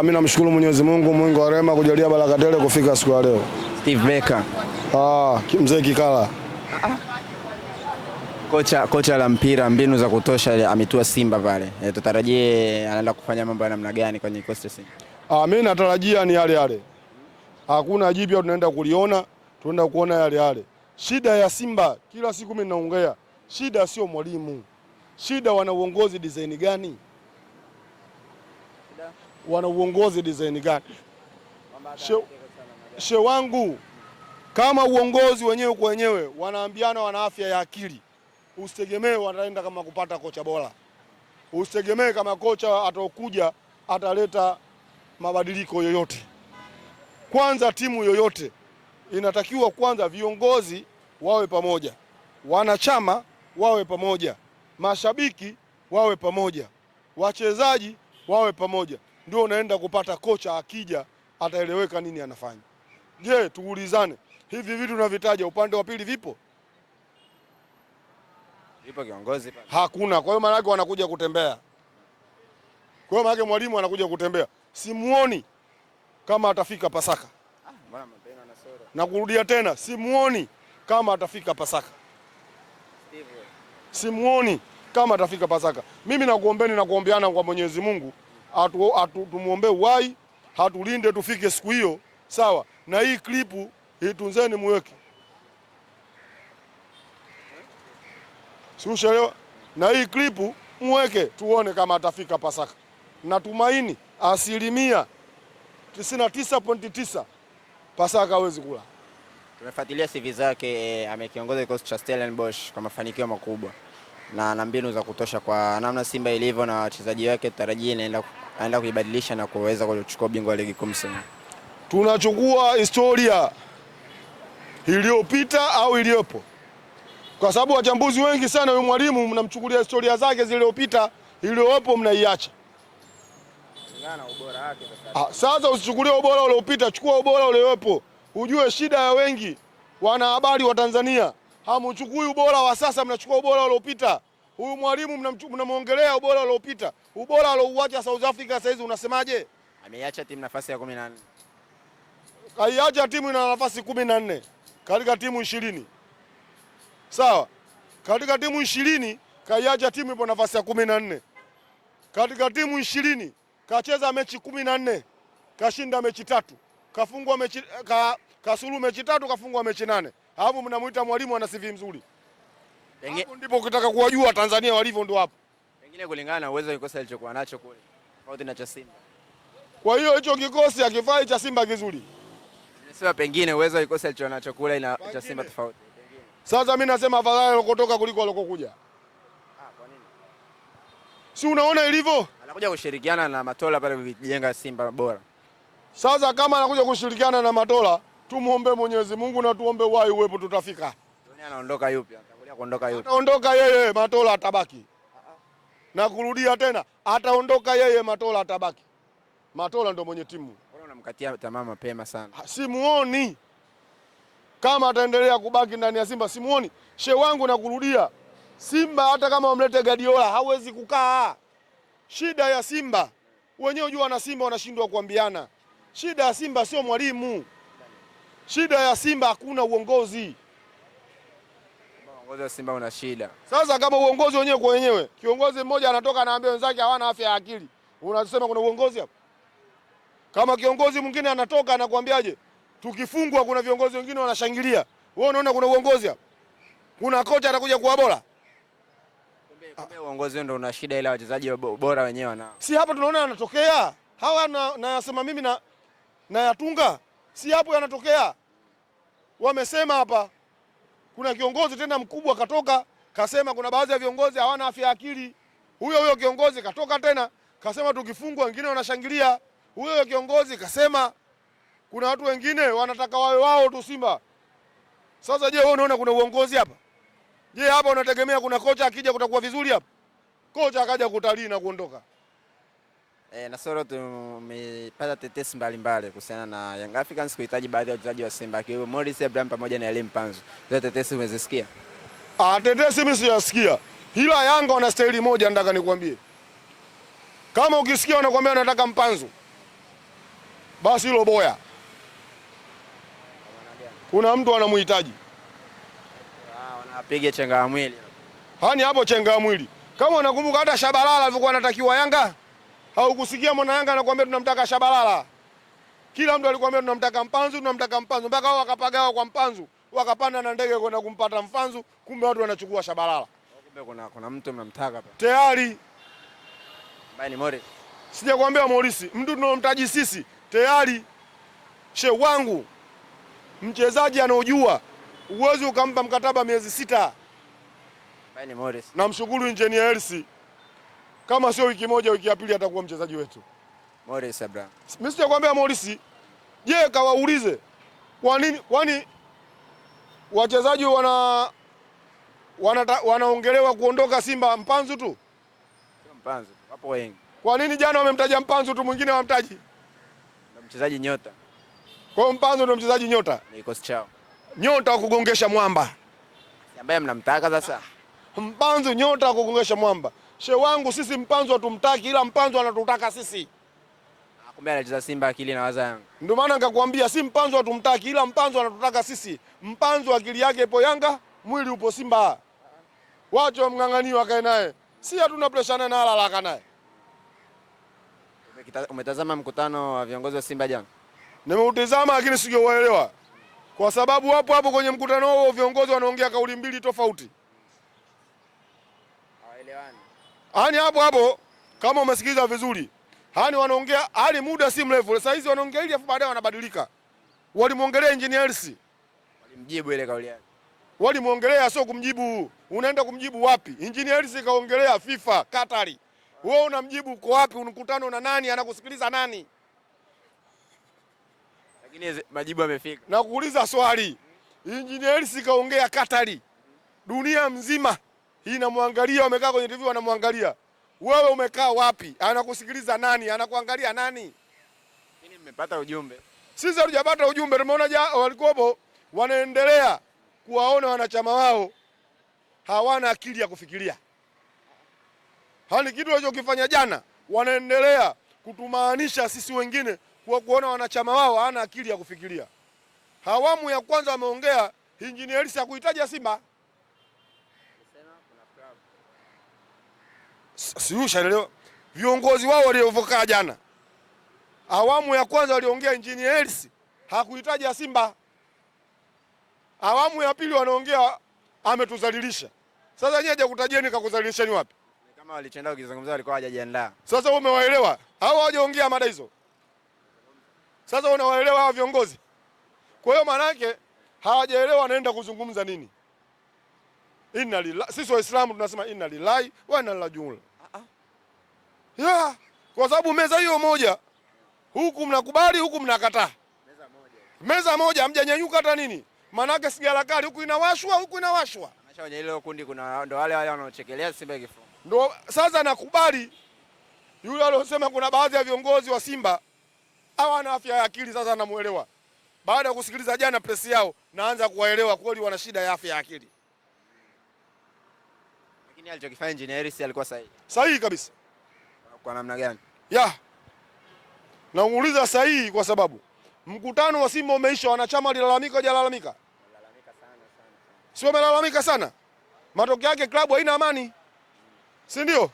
Ah, mimi namshukuru Mwenyezi Mungu mwingi wa rehema kujalia baraka tele kufika siku ya leo. Steve Maker. Ah, mzee Kikala. Kocha, kocha la mpira mbinu za kutosha ametua Simba pale. E, tutarajie anaenda kufanya mambo ya namna gani kwenye Coastal City? Ah, mimi natarajia ni yale yale. Hakuna jipya tunaenda kuliona, tunaenda kuona yale yale. Shida ya Simba kila siku mimi naongea. Shida sio mwalimu. Shida wana uongozi design gani? wana uongozi design gani? she, wangu kama uongozi wenyewe kwa wenyewe wanaambiana wana afya ya akili, usitegemee wataenda kama kupata kocha bora, usitegemee kama kocha atakuja ataleta mabadiliko yoyote. Kwanza timu yoyote inatakiwa kwanza viongozi wawe pamoja, wanachama wawe pamoja, mashabiki wawe pamoja, wachezaji wawe pamoja ndio unaenda kupata kocha, akija ataeleweka nini anafanya. Je, tuulizane, hivi vitu tunavitaja upande wa pili vipo? Vipo kiongozi, hakuna. Kwa hiyo maana wanakuja kutembea, kwa hiyo maana mwalimu anakuja kutembea. Simuoni kama atafika Pasaka ah, nakurudia na kurudia tena, simuoni kama atafika Pasaka, simuoni kama atafika Pasaka. Mimi nakuombeni na kuombeana kwa Mwenyezi Mungu atu, atu, tumwombee uhai, hatulinde tufike siku hiyo, sawa. Na hii klipu itunzeni, muweke siushelewa, na hii klipu muweke, tuone kama atafika Pasaka. Natumaini asilimia 99.9 Pasaka hawezi kula. Tumefuatilia CV zake, eh, amekiongoza kikosi cha Stellenbosch kwa mafanikio makubwa na na mbinu za kutosha kwa namna Simba ilivyo na wachezaji wake, tarajia inaenda kuibadilisha na kuweza kuchukua ubingwa wa ligi kuu msimu. Tunachukua historia iliyopita au iliyopo, kwa sababu wachambuzi wengi sana, huyu mwalimu mnamchukulia historia zake zilizopita, iliyopo mnaiacha. Ah, sasa usichukulie ubora uliopita, chukua ubora uliopo, ujue shida ya wengi wanahabari wa Tanzania hamuchukui ubora wa sasa, mnachukua ubora uliopita. Huyu mwalimu mnamwongelea ubora uliopita, ubora aliouacha South Africa sasa hizi unasemaje? Ameiacha timu nafasi ya 14. Kaiacha timu ina nafasi 14 katika timu 20. sawa. Katika timu 20 kaiacha timu ipo nafasi ya 14. Katika timu 20 kacheza mechi 14, kashinda mechi tatu, kafungwa mechi ka, kasulu mechi tatu, kafungwa mechi nane alafu mnamuita mwalimu ana CV mzuri. Pengine ndipo ukitaka kuwajua Tanzania walivyo ndo hapo. Pengine kulingana na uwezo kikosi alichokuwa nacho kule. Tofauti na cha Simba. Kwa hiyo hicho kikosi akifai cha Simba kizuri. Nimesema pengine uwezo kikosi alichokuwa nacho kule ina cha Simba tofauti. Sasa mimi nasema afadhali alikotoka kuliko alikokuja. Ah, kwa nini? Si unaona ilivyo? Anakuja kushirikiana na Matola pale kujenga Simba bora. Sasa kama anakuja kushirikiana na Matola tumwombe Mwenyezi Mungu na tuombe wai uwepo, tutafika. Anaondoka yupi? Kuondoka yupi? Ataondoka yeye, Matola atabaki. Na kurudia tena, ataondoka yeye, Matola atabaki. Matola ndo mwenye timu. Unamkatia tamaa mapema sana. Simuoni kama ataendelea kubaki ndani ya Simba, simuoni she wangu. Na kurudia, Simba hata kama wamlete Guardiola hawezi kukaa. Shida ya Simba wenyewe, jua na Simba wanashindwa kuambiana. Shida ya Simba sio mwalimu. Shida ya Simba hakuna uongozi. Uongozi wa Simba una shida. Sasa kama uongozi wenyewe kwa wenyewe, kiongozi mmoja anatoka anaambia wenzake hawana afya ya akili, unasema kuna uongozi hapo? Kama kiongozi mwingine anatoka anakuambiaje, tukifungwa kuna viongozi wengine wanashangilia, wewe unaona kuna uongozi hapo? Kuna kocha atakuja kuwa bora? Kumbe uongozi ndio una shida, ila wachezaji bora wenyewe wana. Si hapo tunaona anatokea hawa, nayasema na mimi nayatunga na si hapo yanatokea wamesema hapa, kuna kiongozi tena mkubwa katoka kasema kuna baadhi ya viongozi hawana afya ya akili. Huyo huyo kiongozi katoka tena kasema tukifungwa wengine wanashangilia. Huyo huyo kiongozi kasema kuna watu wengine wanataka wawe wao tu Simba. Sasa je, wewe unaona kuna uongozi hapa? Je, hapa unategemea kuna kocha akija kutakuwa vizuri hapa? Kocha akaja kutalii na kuondoka. E, eh, Nasoro tumepata tetesi mbalimbali kuhusiana na Young Africans kuhitaji baadhi ya wachezaji wa Simba akiwemo Morris Abraham pamoja na Elim Panzu. Hizo tetesi umezisikia? Ah, tetesi mimi sijasikia. Hila Yanga wana staili moja nataka nikwambie. Kama ukisikia wanakuambia wanataka Mpanzu, basi hilo boya. Kuna mtu anamhitaji. Ah, wanapiga chenga mwili. Hani hapo chenga mwili. Kama unakumbuka hata Shabalala alikuwa anatakiwa Yanga Haukusikia mwana Yanga anakuambia tunamtaka Shabalala. Kila mtu alikwambia tunamtaka Mpanzu, tunamtaka Mpanzu mpaka wao wakapagawa kwa Mpanzu, wakapanda na ndege kwenda kumpata Mpanzu, kumbe watu wanachukua Shabalala. Kumbe kuna kuna mtu mnamtaka hapa. Tayari. Mbaya ni Morris. Sijakwambia Morisi, mtu tunomtaji sisi tayari. She wangu mchezaji anaojua uwezi ukampa mkataba miezi sita. Mbaya ni Morris. Namshukuru engineer Hersi kama sio wiki moja, wiki ya pili atakuwa mchezaji wetu. Morris Abraham. Mimi sijakwambia Morris. Je, kawaulize kwa nini kwani wachezaji wana wanaongelewa wana kuondoka Simba Mpanzu tu? Sio Mpanzu, wapo wengi. Kwa nini jana wamemtaja Mpanzu tu, mwingine wamtaji? mchezaji nyota. Kwa hiyo Mpanzu ndio mchezaji nyota. kikosi chao. Nyota wa kugongesha mwamba. Ambaye mnamtaka sasa. Mpanzu nyota wa kugongesha mwamba. She wangu sisi Mpanzo hatumtaki, ila Mpanzo anatutaka sisi. Kumbe anacheza Simba akili na waza Yanga. Ndio maana nikakwambia si Mpanzo hatumtaki, ila Mpanzo anatutaka sisi. Mpanzo akili yake ipo Yanga, mwili upo Simba. Wacho wamng'ang'anie wakae naye. Si hatuna pressure naye na haraka naye. Umetazama mkutano wa viongozi wa Simba jana? Nimeutazama lakini sijauelewa. Kwa sababu hapo hapo kwenye mkutano huo viongozi wanaongea kauli mbili tofauti. Hawaelewani. Hani hapo hapo kama umesikiliza vizuri. Hani wanaongea hali yaani muda si mrefu. Sasa hizi wanaongea ili afu baadaye wanabadilika. Walimuongelea engineer engineers. Walimjibu ile kauli yake. Walimuongelea sio kumjibu. Unaenda kumjibu wapi? Engineer Engineers kaongelea FIFA, Qatar. Wewe unamjibu uko wapi? Unakutana na nani? Anakusikiliza nani? Lakini majibu yamefika. Nakuuliza swali. Engineer Engineers kaongea Qatar. Dunia mzima hii namwangalia, wamekaa kwenye TV wanamwangalia. Wewe umekaa wapi? Anakusikiliza nani? Anakuangalia nani? Mimi nimepata ujumbe. Sisi hatujapata ujumbe, tumeona ja walikuwepo wanaendelea kuwaona wanachama wao hawana akili ya kufikiria. Hani kitu walichokifanya jana, wanaendelea kutumaanisha sisi wengine kwa kuona wanachama wao hawana akili ya kufikiria. Hawamu ya kwanza wameongea, injinieri hakuitaja Simba siushanelewa viongozi wao waliovoka jana, awamu ya kwanza waliongea injini Elsi hakuhitaji Simba, awamu ya pili wanaongea ametuzalilisha. Sasa nyeje kutajieni kakuzalilishani wapi? Kama walichenda kuzungumza walikuwa hawajajiandaa. Sasa wewe umewaelewa hao, hawajaongea mada hizo. Sasa unawaelewa hao viongozi? Kwa hiyo maana yake hawajaelewa wanaenda kuzungumza nini. Inna lillahi, sisi Waislamu tunasema inna lillahi wa inna ilaihi rajiun ya, Kwa sababu meza hiyo moja huku mnakubali huku mnakataa. Meza moja, meza moja hamjanyanyuka hata nini? Maanake sigara kali huku inawashwa huku inawashwa. Ameshaonya ile kundi, kuna ndo wale wale wanaochekelea Simba kifo. Ndo sasa nakubali yule aliyosema kuna baadhi ya viongozi wa Simba hawana afya ya akili. Sasa namuelewa baada ya kusikiliza jana presi yao, naanza kuwaelewa kweli wana shida ya afya ya akili. Lakini alichokifanya Engineer alikuwa sahihi, sahihi kabisa kwa namna gani? Ya nauuliza sahihi, kwa sababu mkutano wa Simba umeisha, wanachama walilalamika, hajalalamika si wamelalamika sana. Matokeo yake klabu haina amani, si ndio?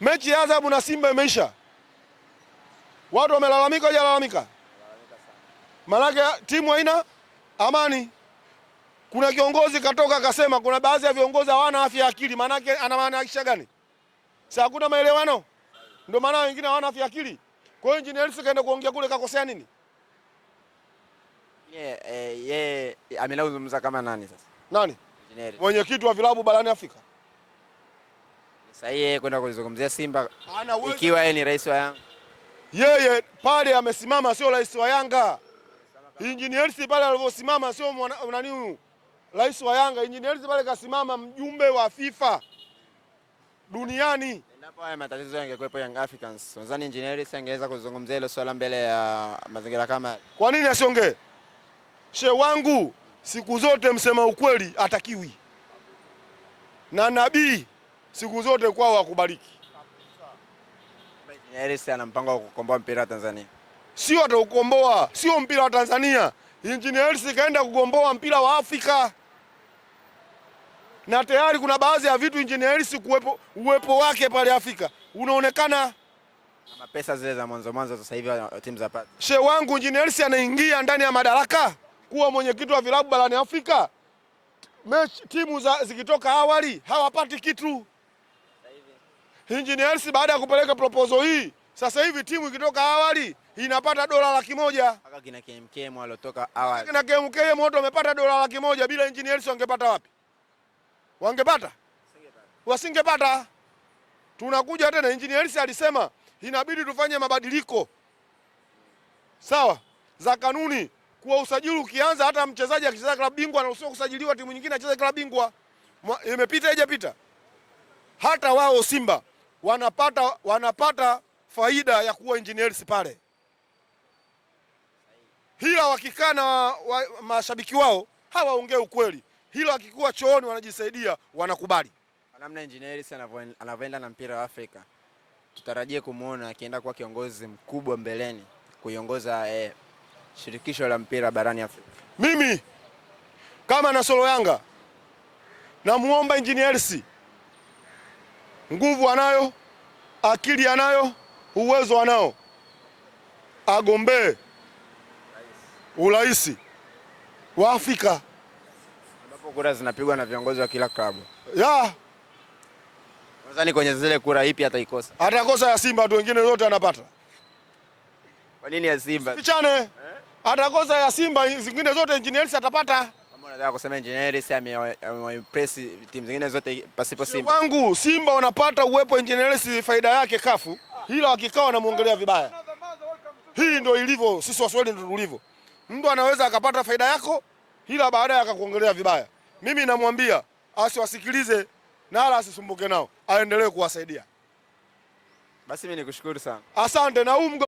Mechi ya adhabu na Simba imeisha, watu wamelalamika, hajalalamika, maanake timu haina amani. Kuna kiongozi katoka akasema kuna baadhi ya viongozi hawana afya ya akili, maanake anamaanisha gani? Sasa hakuna maelewano. Ndio maana wengine hawana afya akili. Kwa hiyo engineer Hersi kaenda kuongea kule kakosea nini? Yeye yeah, yeye yeah, amelauzumza kama nani sasa? Nani? Engineer. Mwenyekiti wa vilabu barani Afrika. Sasa yeye kwenda kuzungumzia Simba ikiwa yeye ni rais wa Yanga. Yeye pale amesimama sio rais wa Yanga. Engineer Hersi pale alivyosimama sio nani huyu? Rais wa Yanga. Engineer Hersi pale kasimama mjumbe wa FIFA duniani. Endapo haya matatizo yangekuwepo Young Africans, nadhani engineer angeweza kuzungumzia hilo swala mbele ya mazingira kama. Kwa nini asiongee? She wangu siku zote msema ukweli atakiwi, na nabii siku zote kwao wakubariki. Engineer ana mpango wa kukomboa mpira wa Tanzania, sio ataukomboa, sio mpira wa Tanzania. Engineer kaenda kugomboa mpira wa Afrika na tayari kuna baadhi ya vitu Engineer engineers kuwepo uwepo wake pale Afrika unaonekana na pesa zile za mwanzo mwanzo sasa hivi uh, timu za pati. She wangu Engineer engineers anaingia ndani ya madaraka kuwa mwenyekiti wa vilabu barani Afrika. Mechi timu za zikitoka awali hawapati kitu. Engineer Engineers baada ya kupeleka proposal hii sasa hivi timu ikitoka awali inapata dola laki moja. Kaka kina KMKM walotoka awali. Kina KMKM wote wamepata dola laki moja bila Engineer engineers wangepata wapi? wangepata? Wasingepata. Tunakuja tena, engineers alisema inabidi tufanye mabadiliko sawa za kanuni kuwa usajili ukianza, hata mchezaji akicheza klabu bingwa anaruhusiwa kusajiliwa timu nyingine acheze klabu bingwa. Imepita haijapita? Hata wao Simba wanapata wanapata faida ya kuwa engineers pale, hila wakikaa na wa, mashabiki wao hawaongee ukweli hilo akikuwa chooni wanajisaidia, wanakubali namna engineer anavyoenda na mpira wa Afrika. Tutarajie kumwona akienda kuwa kiongozi mkubwa mbeleni kuiongoza eh, shirikisho la mpira barani Afrika. Mimi kama Nasolo Yanga namuomba engineer, nguvu anayo, akili anayo, uwezo anao, agombee urais wa Afrika kura zinapigwa na viongozi wa kila klabu. Yeah. Nadhani kwenye zile kura ipi ataikosa? Atakosa ya Simba tu, wengine wote anapata. Kwa nini ya Simba? Sichane. Eh? Atakosa ya Simba, zingine zote engineers atapata. Kama unataka kusema engineers ameimpress timu zingine zote pasipo Simba. Wangu Simba wanapata uwepo engineers, faida yake kafu. Hila wakikaa wanamuongelea vibaya. Hii ndio ilivyo, sisi Waswahili ndio tulivyo. Mtu anaweza akapata faida yako, hila baada ya akakuongelea vibaya mimi namwambia asiwasikilize na wala asisumbuke nao, aendelee kuwasaidia. Basi mimi nikushukuru sana, asante na